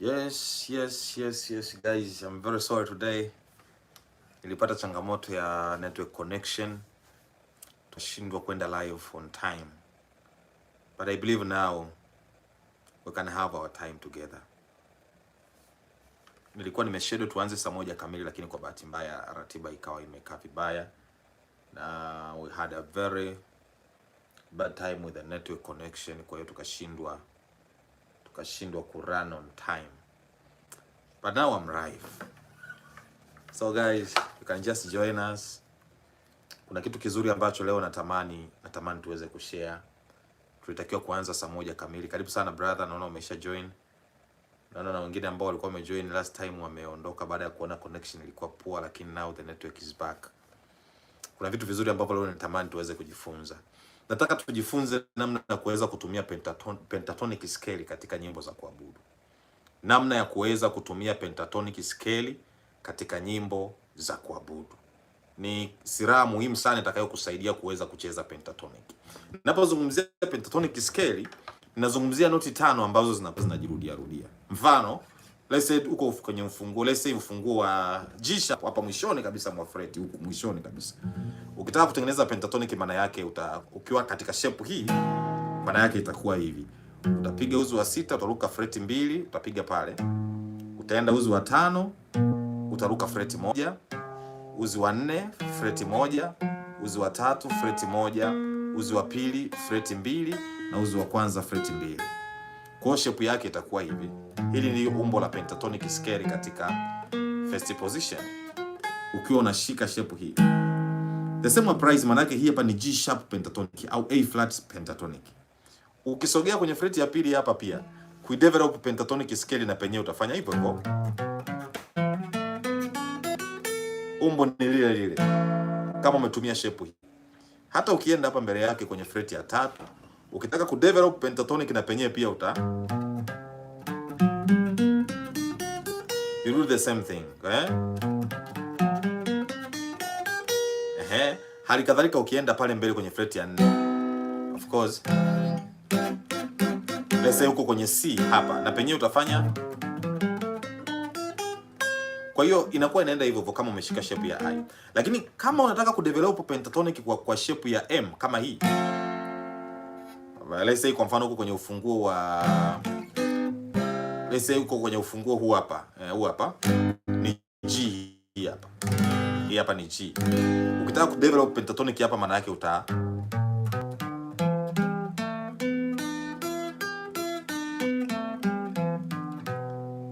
Yes, yes, yes, yes guys, I'm very sorry today. Nilipata changamoto ya network connection. Tushindwa kwenda live on time. But I believe now we can have our time together. Nilikuwa nimeshedule tuanze saa moja kamili lakini kwa bahati mbaya ratiba ikawa imekaa vibaya na we had a very bad time with the network connection, kwa hiyo tukashindwa tukashindwa kurun on time. But now I'm live. So guys, you can just join us. Kuna kitu kizuri ambacho leo natamani natamani tuweze kushare. Tulitakiwa kuanza saa moja kamili. Karibu sana brother, naona umesha join. Naona na wengine ambao walikuwa wamejoin last time wameondoka baada ya kuona connection ilikuwa poor, lakini now the network is back. Kuna vitu vizuri ambavyo leo natamani tuweze kujifunza. Nataka tujifunze namna ya kuweza kutumia pentatonic, pentatonic scale katika nyimbo za kuabudu namna ya kuweza kutumia pentatonic scale katika nyimbo za kuabudu. Ni silaha muhimu sana itakayokusaidia kuweza kucheza pentatonic. Ninapozungumzia pentatonic scale, ninazungumzia noti tano ambazo zinajirudia rudia. Mfano, let's say uko kwenye mfunguo, let's say mfunguo wa G sharp hapa mwishoni kabisa mwa fret, huku mwishoni kabisa. Ukitaka kutengeneza pentatonic, maana yake uta, ukiwa katika shape hii, maana yake itakuwa hivi utapiga uzi wa sita, utaruka freti mbili, utapiga pale. Utaenda uzi wa tano, utaruka freti moja, uzi wa nne freti moja, uzi wa tatu freti moja, uzi wa pili freti mbili, na uzi wa kwanza freti mbili. Kwa shape yake itakuwa hivi. Hili ni umbo la pentatonic scale katika first position, ukiwa unashika shape hii the same price. Manake hii hapa ni G sharp pentatonic au A flat pentatonic. Ukisogea kwenye fret ya pili hapa pia ku develop pentatonic scale na penye utafanya hivyo hivyo. Umbo ni lile lile kama umetumia shape hii. Hata ukienda hapa mbele yake kwenye fret ya tatu, ukitaka ku develop pentatonic na penye pia uta you do the same thing, eh? Ehe, hali kadhalika ukienda pale mbele kwenye fret ya nne. Of course lese huko kwenye C hapa na penyewe utafanya. Kwa hiyo inakuwa inaenda hivyo hivyo kama umeshika shape ya I, lakini kama unataka kudevelop pentatonic kwa, kwa shape ya M kama hii let's say, kwa mfano huko kwenye ufunguo wa let's say huko kwenye ufunguo huu hapa eh, huu hapa ni G hii hapa hii hapa ni G. Ukitaka kudevelop pentatonic hapa maana yake uta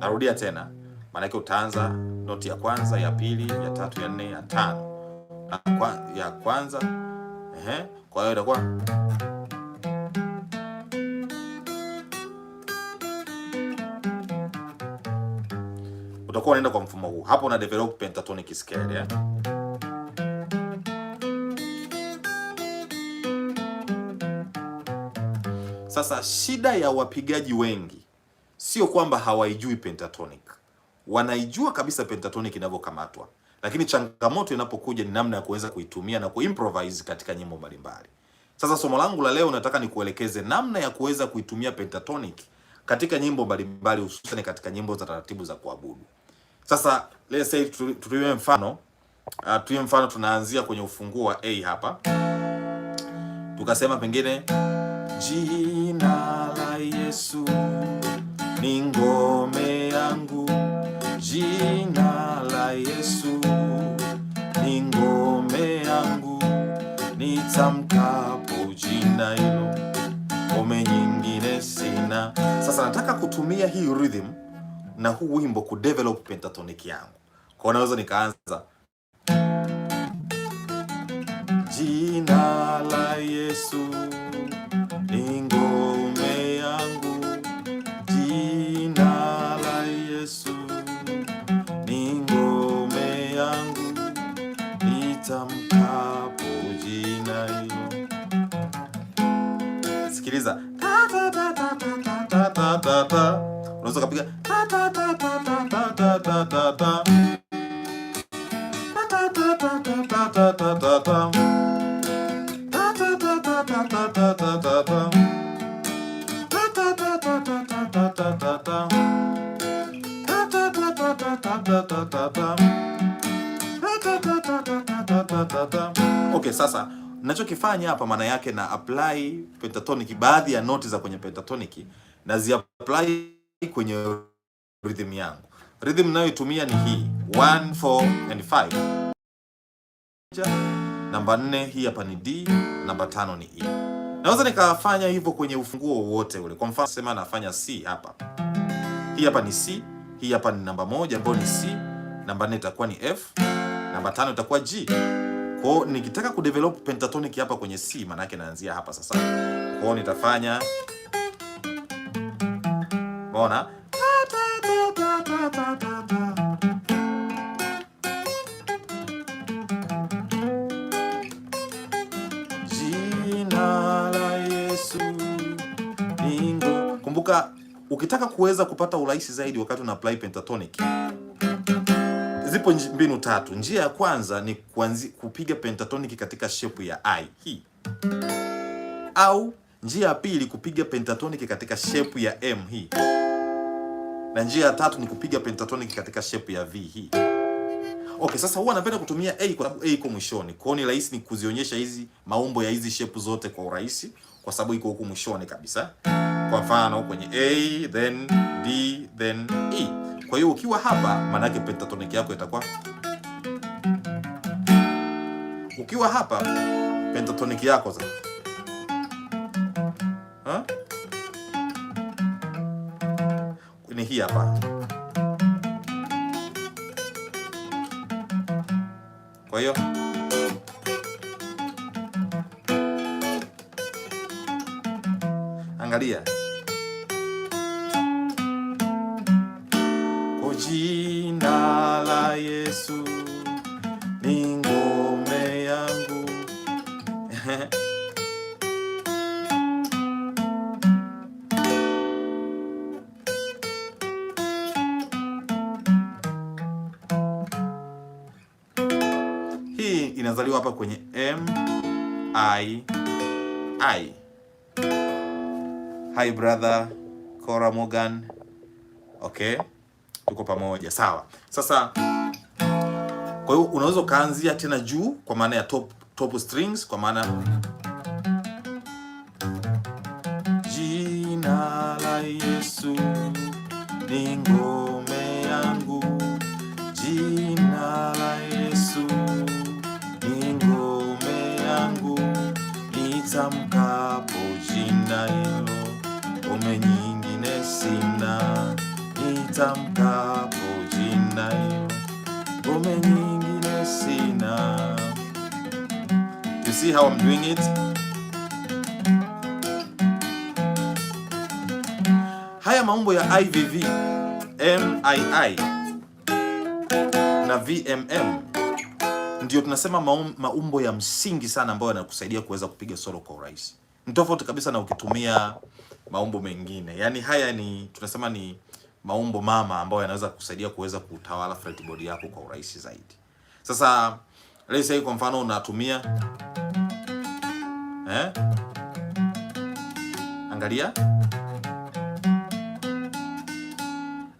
Narudia tena, maanake utaanza noti ya kwanza, ya pili, ya tatu, ya nne, ya tano na kwa, ya kwanza ehe. Kwa hiyo itakuwa utakuwa unaenda kwa mfumo huu hapo, una develop pentatonic scale ya eh? Sasa shida ya wapigaji wengi sio kwamba hawaijui pentatonic, wanaijua kabisa pentatonic inavyokamatwa, lakini changamoto inapokuja ni namna ya kuweza kuitumia na kuimprovise katika nyimbo mbalimbali. Sasa somo langu la leo nataka nikuelekeze namna ya kuweza kuitumia pentatonic katika nyimbo mbalimbali, hususan katika nyimbo za taratibu za kuabudu. Sasa let's say tutumie mfano uh, tuwe mfano tunaanzia kwenye ufunguo wa A hapa, tukasema pengine jina la Yesu ni ngome yangu, jina la Yesu ni ngome yangu, nitamkapo jina hilo, ngome nyingine sina. Sasa nataka kutumia hii rhythm na huu wimbo kudevelop pentatonic yangu, kwa naweza nikaanza Okay, sasa nachokifanya hapa maana yake na apply pentatonic, baadhi ya noti za kwenye pentatonic na zi apply kwenye rhythm yangu. Rhythm ninayoitumia ni hii 1 4 and 5. Namba 4 hii hapa ni D, namba 5 ni E. Naweza nikafanya hivyo kwenye ufunguo wowote ule. Kwa mfano, sema nafanya C hapa, hii hapa ni C hii hapa ni namba moja ambayo ni C, namba nne itakuwa ni F, namba tano itakuwa G. Kwa hiyo nikitaka kudevelop pentatonic hapa kwenye C, maana yake naanzia hapa sasa. Kwa hiyo nitafanya, umeona? Ukitaka kuweza kupata urahisi zaidi wakati una apply pentatonic, zipo mbinu tatu. Njia ya kwanza ni kuanzi, kupiga pentatonic katika shape ya I hii, au njia ya pili kupiga pentatonic katika shape ya M hii, na njia ya tatu ni kupiga pentatonic katika shape ya V hii. Okay, sasa huwa napenda kutumia A kwa sababu A iko mwishoni. Kwa hiyo ni rahisi ni kuzionyesha hizi maumbo ya hizi shape zote kwa urahisi kwa sababu iko huku mwishoni kabisa. Kwa mfano kwenye A then D then E. Kwa hiyo ukiwa hapa, maana yake pentatonic yako itakuwa ukiwa hapa pentatonic yako sasa ni hii hapa. Kwa hiyo angalia hapa kwenye M I I. Hi brother Cora Morgan. Okay, tuko pamoja, sawa. Sasa kwa hiyo unaweza ukaanzia tena juu kwa maana ya top, top strings kwa maana jina la Yesu ni sina nitamkapo jina hiyo, ngome nyingine sina. You see how I'm doing it? Haya maumbo ya IVV, MII na VMM ndiyo tunasema maumbo ya msingi sana ambayo yanakusaidia kuweza kupiga solo kwa urahisi tofauti kabisa na ukitumia maumbo mengine. Yaani haya ni tunasema ni maumbo mama ambayo yanaweza kusaidia kuweza kutawala fretboard yako kwa urahisi zaidi. Sasa let's say kwa mfano unatumia eh, angalia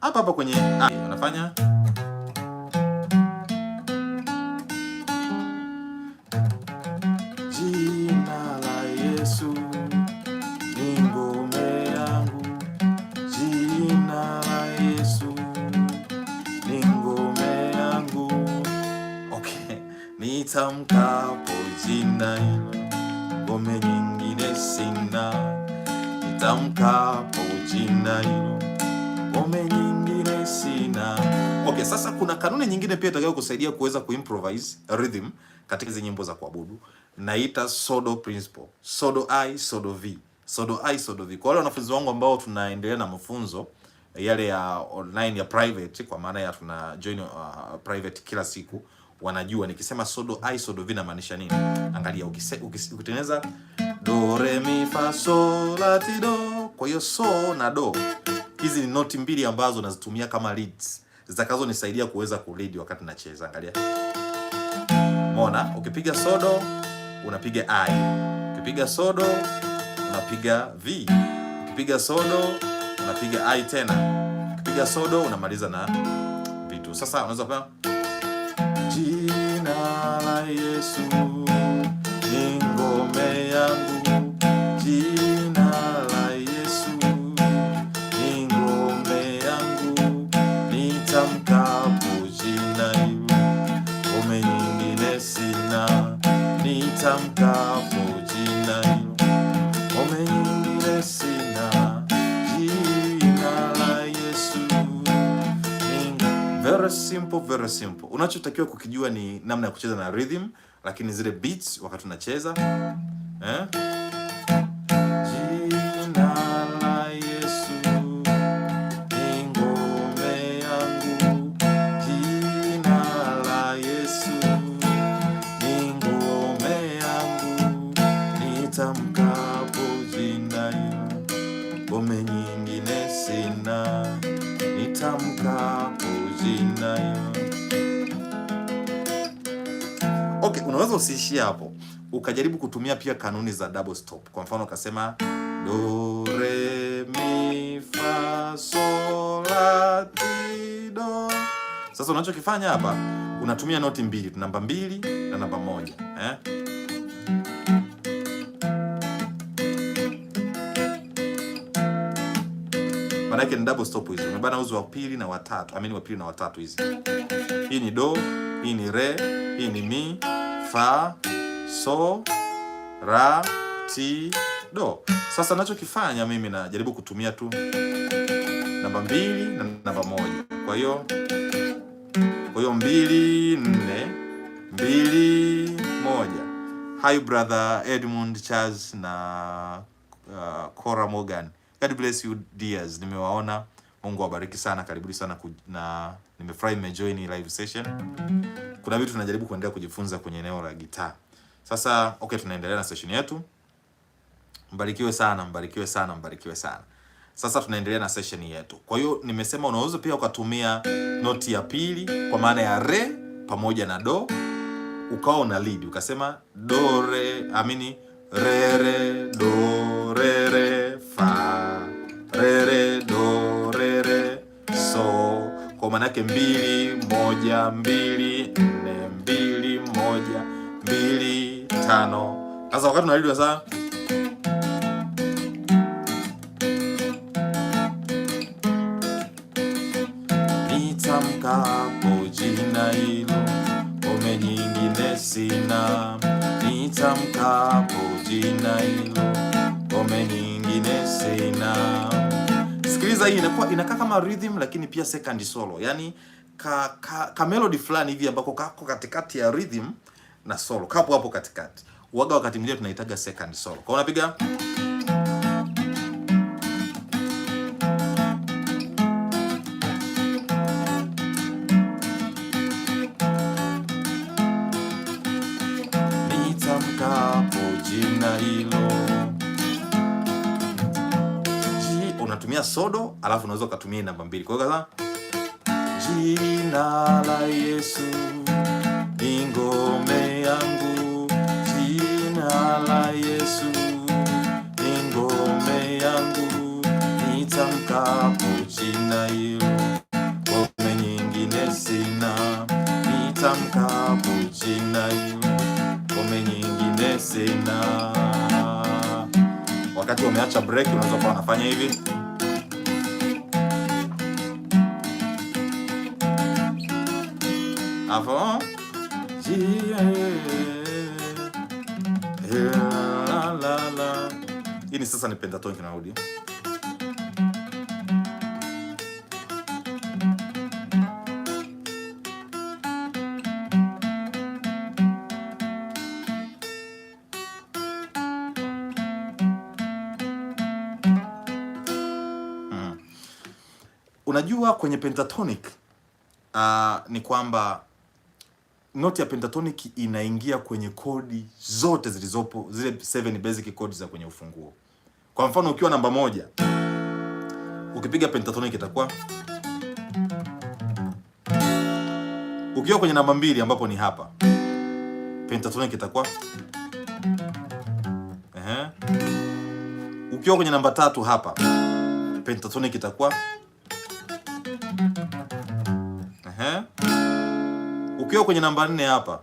hapa hapa kwenye A, ah, unafanya inakusaidia kuweza kuimprovise rhythm katika hizi nyimbo za kuabudu. Naita sodo principle, sodo i sodo v, sodo i sodo v. Kwa wale wanafunzi wangu ambao tunaendelea na mafunzo eh, yale ya online ya private, kwa maana ya tuna join uh, private kila siku, wanajua nikisema sodo i sodo v namaanisha nini. Angalia ukitengeneza do re mi fa so la ti do, kwa hiyo so na do hizi ni noti mbili ambazo nazitumia kama leads zitakazonisaidia kuweza kulidi wakati nacheza. Angalia, umeona? Ukipiga sodo unapiga I, ukipiga sodo unapiga V, ukipiga sodo unapiga I tena, ukipiga sodo unamaliza na vitu. Sasa unaweza kuwa jina la Yesu ni ngome yangu simple, very simple. Unachotakiwa kukijua ni namna ya kucheza na rhythm, lakini zile beats wakati unacheza kuanzia hapo ukajaribu kutumia pia kanuni za double stop. Kwa mfano ukasema do re mi fa sol la ti do. Sasa unachokifanya hapa unatumia noti mbili, namba mbili na namba moja eh? maana yake ni double stop hizi. Umebana uzi wa pili na watatu, amini wa pili na watatu hizi. Hii ni do, hii ni re, hii ni mi fa, so, ra, ti, do. Sasa nachokifanya mimi najaribu kutumia tu namba mbili na namba moja. Kwa hiyo kwa hiyo mbili nne mbili moja. Hi brother Edmund Charles na uh, Cora Morgan. God bless you dears, nimewaona. Mungu awabariki sana, karibuni sana ku, na nimefurahi mmejoin live session. Kuna vitu tunajaribu kuendelea kujifunza kwenye eneo la gitaa. Sasa okay, tunaendelea na session yetu. Mbarikiwe sana, mbarikiwe sana, mbarikiwe sana. Sasa tunaendelea na session yetu. Kwa hiyo nimesema unaweza pia ukatumia noti ya pili kwa maana ya re pamoja na do ukawa una lead ukasema do re, amini re re do re re fa re re kwa maana yake mbili moja mbili nne mbili moja mbili tano. Sasa wakati unarudi sasa nitamkapo jina hilo, ngome nyingine sina. Nitamkapo jina hilo, ngome nyingine sina ukisikiliza hii inakuwa inakaa kama rhythm, lakini pia second solo, yani ka, ka, ka melody fulani hivi ambako kako katikati ya rhythm na solo, kapo hapo katikati. Waga wakati mwingine tunahitaga second solo, kwa unapiga unatumia sodo, alafu unaweza ukatumia namba mbili. Kwa hiyo kaza, jina la Yesu ni ngome yangu, jina la Yesu ni ngome yangu, nitamkapo jina hilo, ngome nyingine sina, nitamkapo jina hilo, ngome nyingine sina. Wakati wameacha break, unaweza kuwa unafanya hivi. avant hii ni sasa ni pentatonic narudi hmm. Unajua, kwenye pentatonic uh, ni kwamba noti ya pentatonic inaingia kwenye kodi zote zilizopo zile seven basic chords za kwenye ufunguo. Kwa mfano ukiwa namba moja ukipiga pentatonic itakuwa, ukiwa kwenye namba mbili ambapo ni hapa pentatonic itakuwa ehe, ukiwa kwenye namba tatu hapa pentatonic itakuwa Ukiwa kwenye namba nne hapa,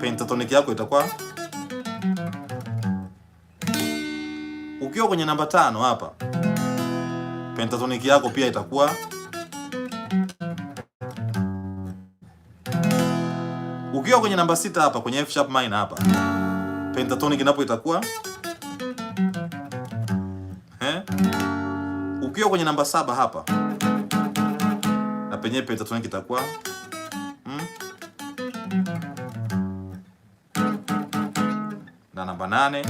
pentatonic yako itakuwa. Ukiwa kwenye namba tano hapa, pentatonic yako pia itakuwa. Ukiwa kwenye namba sita hapa kwenye F sharp minor hapa, pentatonic inapo itakuwa eh. Ukiwa kwenye namba saba hapa na penye pentatonic itakuwa nane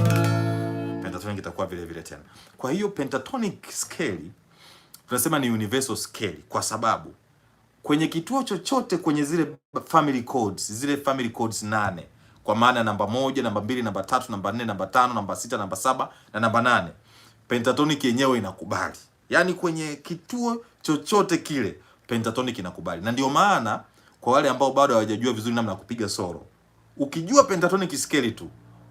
pentatonic itakuwa vile vile tena. Kwa hiyo pentatonic scale tunasema ni universal scale kwa sababu kwenye kituo chochote kwenye zile family codes, zile family codes nane kwa maana namba moja, namba mbili, namba tatu, namba nne, namba tano, namba sita, namba saba na namba nane, pentatonic yenyewe inakubali. Yaani kwenye kituo chochote kile pentatonic inakubali, na ndio maana kwa wale ambao bado hawajajua vizuri namna ya kupiga solo, ukijua pentatonic scale tu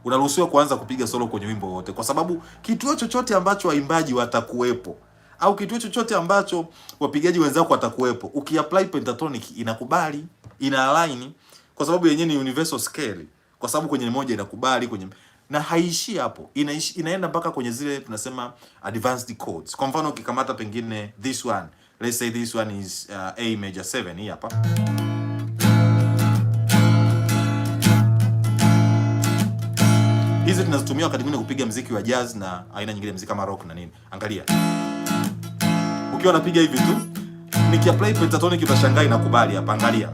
unaruhusiwa kuanza kupiga solo kwenye wimbo wote, kwa sababu kituo chochote ambacho waimbaji watakuwepo au kituo chochote ambacho wapigaji wenzako watakuwepo, ukiapply pentatonic inakubali, ina align, kwa sababu yenyewe ni universal scale, kwa sababu kwenye moja inakubali kwenye na haishi hapo, inaishi inaenda mpaka kwenye zile tunasema advanced chords. Kwa mfano ukikamata pengine this one, let's say this one is uh, A major 7 hii hapa hizi tunazitumia wakati mwingine kupiga mziki wa jazz na aina nyingine mziki kama rock na nini. Angalia ukiwa unapiga hivi tu, nikiapply pentatonic utashangaa inakubali hapa. Angalia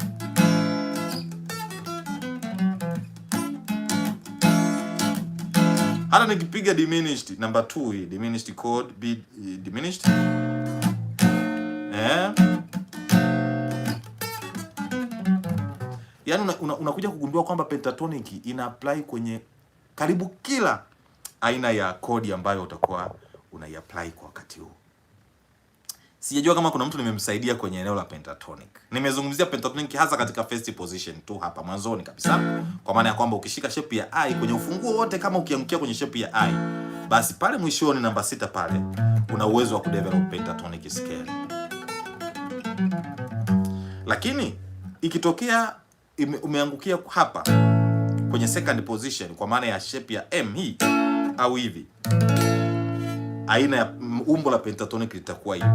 hata nikipiga diminished number 2 hii diminished chord B eh, diminished eh, yaani unakuja una, una kugundua kwamba pentatonic ina apply kwenye karibu kila aina ya kodi ambayo utakuwa unaiapply kwa wakati huu. Sijajua kama kuna mtu nimemsaidia kwenye eneo la pentatonic. Nimezungumzia pentatonic hasa katika first position tu hapa mwanzoni kabisa, kwa maana ya kwamba ukishika shape ya I kwenye ufunguo wote, kama ukiangukia kwenye shape ya I, basi pale mwishoni namba sita pale una uwezo wa kudevelop pentatonic scale. Lakini ikitokea umeangukia hapa kwenye second position kwa maana ya shape ya M hii au hivi, aina ya umbo la pentatonic litakuwa hivi.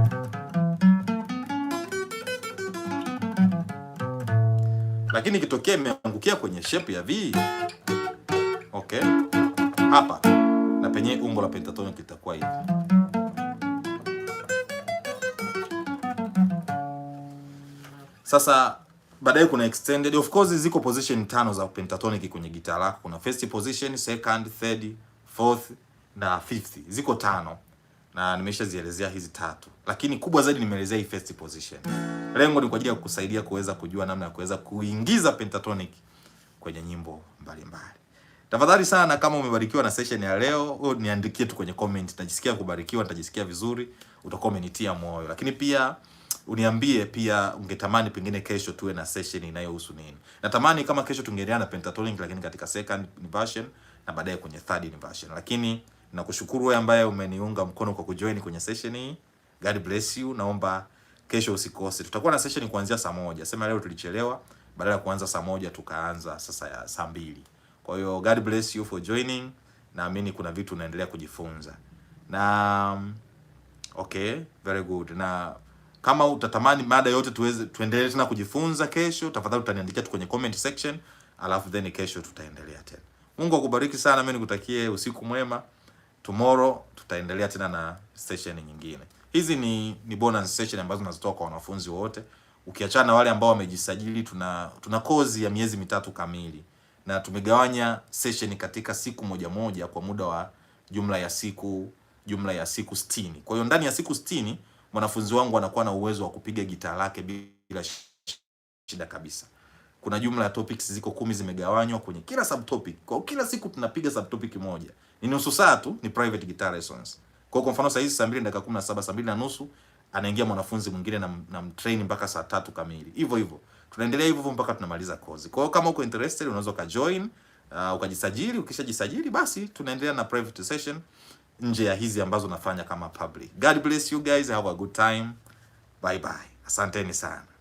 Lakini ikitokea imeangukia kwenye shape ya V, okay, hapa na penye umbo la pentatonic litakuwa hivi. Sasa baadaye kuna extended. Of course ziko position tano za pentatonic kwenye gitaa lako. Kuna first position, second, third, fourth na fifth. Ziko tano na nimeshazielezea hizi tatu, lakini kubwa zaidi nimeelezea hii first position. Lengo ni kwa ajili ya kukusaidia kuweza kujua namna ya kuweza kuingiza pentatonic kwenye nyimbo mbalimbali. Tafadhali sana, kama umebarikiwa na session ya leo, niandikie tu kwenye comment. Najisikia kubarikiwa, nitajisikia vizuri, utakuwa umenitia moyo, lakini pia uniambie pia ungetamani pengine kesho tuwe na session inayohusu nini. Natamani kama kesho tungeendelea na pentatonic, lakini katika second inversion na baadaye kwenye third inversion. Lakini nakushukuru wewe ambaye umeniunga mkono kwa kujoin kwenye session hii. God bless you. Naomba kesho usikose. Tutakuwa na session kuanzia saa moja. Sema leo tulichelewa, badala ya kuanza saa moja tukaanza sasa ya saa mbili. Kwa hiyo God bless you for joining. Naamini kuna vitu unaendelea kujifunza. Na okay, very good. Na kama utatamani mada yote tuweze tuendelee tena kujifunza kesho, tafadhali utaniandikia tu kwenye comment section, alafu then kesho tutaendelea tena. Mungu akubariki sana, mimi nikutakie usiku mwema. Tomorrow tutaendelea tena na session nyingine. Hizi ni ni bonus session ambazo tunazitoa kwa wanafunzi wote. Ukiachana na wale ambao wamejisajili, tuna tuna kozi ya miezi mitatu kamili na tumegawanya session katika siku moja moja kwa muda wa jumla ya siku jumla ya siku 60. Kwa hiyo ndani ya siku 60 mwanafunzi wangu anakuwa na uwezo wa kupiga gitaa lake bila shida kabisa. Kuna jumla ya topics ziko kumi zimegawanywa kwenye kila subtopic. Kwa kila siku tunapiga subtopic moja. Ni nusu saa tu, ni private guitar lessons. Kwa kwa mfano saa hizi saa mbili dakika kumi na saba, saa mbili na nusu anaingia mwanafunzi mwingine na, na mtrain mpaka saa tatu kamili. Hivyo hivyo. Tunaendelea hivyo hivyo mpaka tunamaliza kozi. Kwa hiyo kama uko interested unaweza ukajoin, uh, ukajisajili, ukishajisajili basi tunaendelea na private session nje ya hizi ambazo nafanya kama public. God bless you guys, have a good time. Bye bye. Asanteni sana.